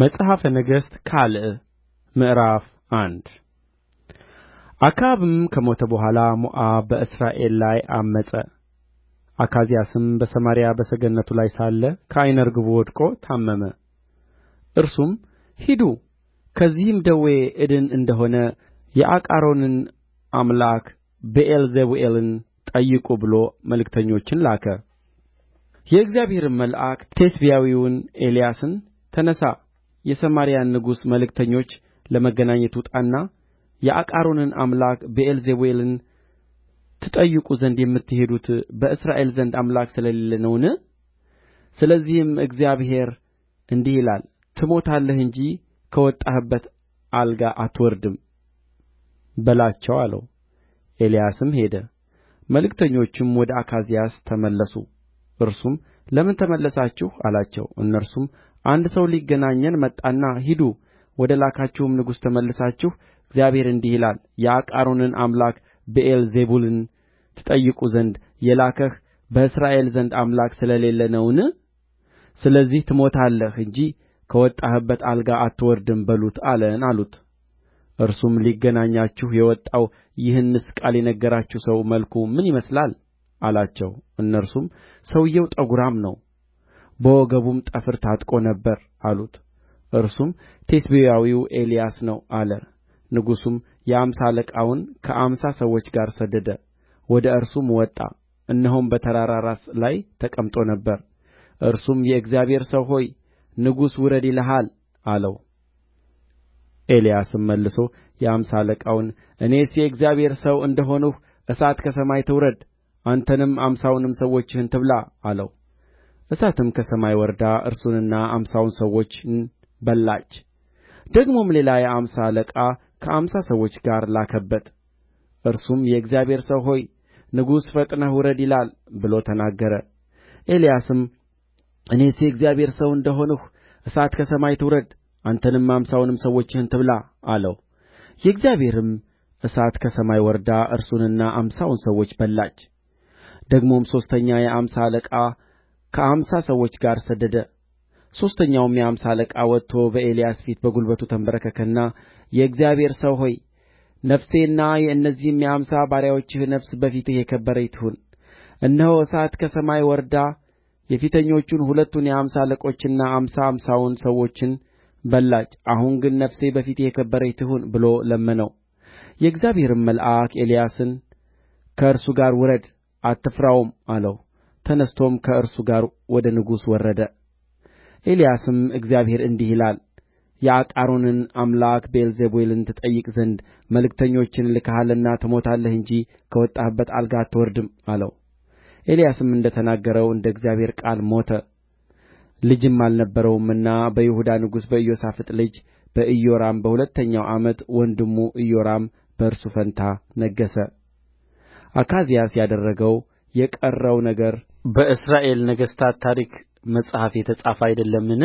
መጽሐፈ ነገሥት ካልዕ ምዕራፍ አንድ አክዓብም ከሞተ በኋላ ሞዓብ በእስራኤል ላይ ዐመፀ አካዝያስም በሰማርያ በሰገነቱ ላይ ሳለ ከዓይነ ርግቡ ወድቆ ታመመ እርሱም ሂዱ ከዚህም ደዌ እድን እንደሆነ የአቃሮንን አምላክ ብኤልዜቡኤልን ጠይቁ ብሎ መልእክተኞችን ላከ የእግዚአብሔርም መልአክ ቴስብያዊውን ኤልያስን ተነሣ የሰማርያን ንጉሥ መልእክተኞች ለመገናኘት ውጣና የአቃሮንን አምላክ ብዔልዜቡልን ትጠይቁ ዘንድ የምትሄዱት በእስራኤል ዘንድ አምላክ ስለሌለ ነውን ስለዚህም እግዚአብሔር እንዲህ ይላል ትሞታለህ እንጂ ከወጣህበት አልጋ አትወርድም በላቸው አለው ኤልያስም ሄደ መልእክተኞቹም ወደ አካዝያስ ተመለሱ እርሱም ለምን ተመለሳችሁ አላቸው እነርሱም አንድ ሰው ሊገናኘን መጣና ሂዱ ወደ ላካችሁም ንጉሥ ተመልሳችሁ እግዚአብሔር እንዲህ ይላል የአቃሮንን አምላክ ብዔልዜቡልን ትጠይቁ ዘንድ የላከህ በእስራኤል ዘንድ አምላክ ስለሌለ ነውን ስለዚህ ትሞታለህ እንጂ ከወጣህበት አልጋ አትወርድም በሉት አለን አሉት እርሱም ሊገናኛችሁ የወጣው ይህንስ ቃል የነገራችሁ ሰው መልኩ ምን ይመስላል አላቸው እነርሱም ሰውዮው ጠጕራም ነው በወገቡም ጠፍር ታጥቆ ነበር አሉት እርሱም ቴስብያዊው ኤልያስ ነው አለ ንጉሡም የአምሳ አለቃውን ከአምሳ ሰዎች ጋር ሰደደ ወደ እርሱም ወጣ እነሆም በተራራ ራስ ላይ ተቀምጦ ነበር እርሱም የእግዚአብሔር ሰው ሆይ ንጉሡ ውረድ ይልሃል አለው ኤልያስም መልሶ የአምሳ አለቃውን እኔስ የእግዚአብሔር ሰው እንደ ሆንሁ እሳት ከሰማይ ትውረድ አንተንም አምሳውንም ሰዎችህን ትብላ አለው እሳትም ከሰማይ ወርዳ እርሱንና አምሳውን ሰዎቹን በላች ደግሞም ሌላ የአምሳ አለቃ ከአምሳ ሰዎች ጋር ላከበት እርሱም የእግዚአብሔር ሰው ሆይ ንጉሡ ፈጥነህ ውረድ ይላል ብሎ ተናገረ ኤልያስም እኔስ የእግዚአብሔር ሰው እንደ ሆንሁ እሳት ከሰማይ ትውረድ አንተንም አምሳውንም ሰዎችህን ትብላ አለው የእግዚአብሔርም እሳት ከሰማይ ወርዳ እርሱንና አምሳውን ሰዎች በላች ደግሞም ሦስተኛ የአምሳ አለቃ ከአምሳ ሰዎች ጋር ሰደደ ሦስተኛውም የአምሳ አለቃ ወጥቶ በኤልያስ ፊት በጕልበቱ ተንበረከከና የእግዚአብሔር ሰው ሆይ ነፍሴና የእነዚህም የአምሳ ባሪያዎችህ ነፍስ በፊትህ የከበረች ትሁን እነሆ እሳት ከሰማይ ወርዳ የፊተኞቹን ሁለቱን የአምሳ አለቆችና አምሳ አምሳውን ሰዎችን በላች አሁን ግን ነፍሴ በፊትህ የከበረች ትሁን ብሎ ለመነው የእግዚአብሔርም መልአክ ኤልያስን ከእርሱ ጋር ውረድ አትፍራውም አለው ተነሥቶም ከእርሱ ጋር ወደ ንጉሡ ወረደ ኤልያስም እግዚአብሔር እንዲህ ይላል የአቃሮንን አምላክ ብዔልዜቡልን ትጠይቅ ዘንድ መልእክተኞችን ልከሃልና ትሞታለህ እንጂ ከወጣህበት አልጋ አትወርድም አለው ኤልያስም እንደ ተናገረው እንደ እግዚአብሔር ቃል ሞተ ልጅም አልነበረውምና በይሁዳ ንጉሥ በኢዮሣፍጥ ልጅ በኢዮራም በሁለተኛው ዓመት ወንድሙ ኢዮራም በእርሱ ፈንታ ነገሠ አካዝያስ ያደረገው የቀረው ነገር በእስራኤል ነገሥታት ታሪክ መጽሐፍ የተጻፈ አይደለምን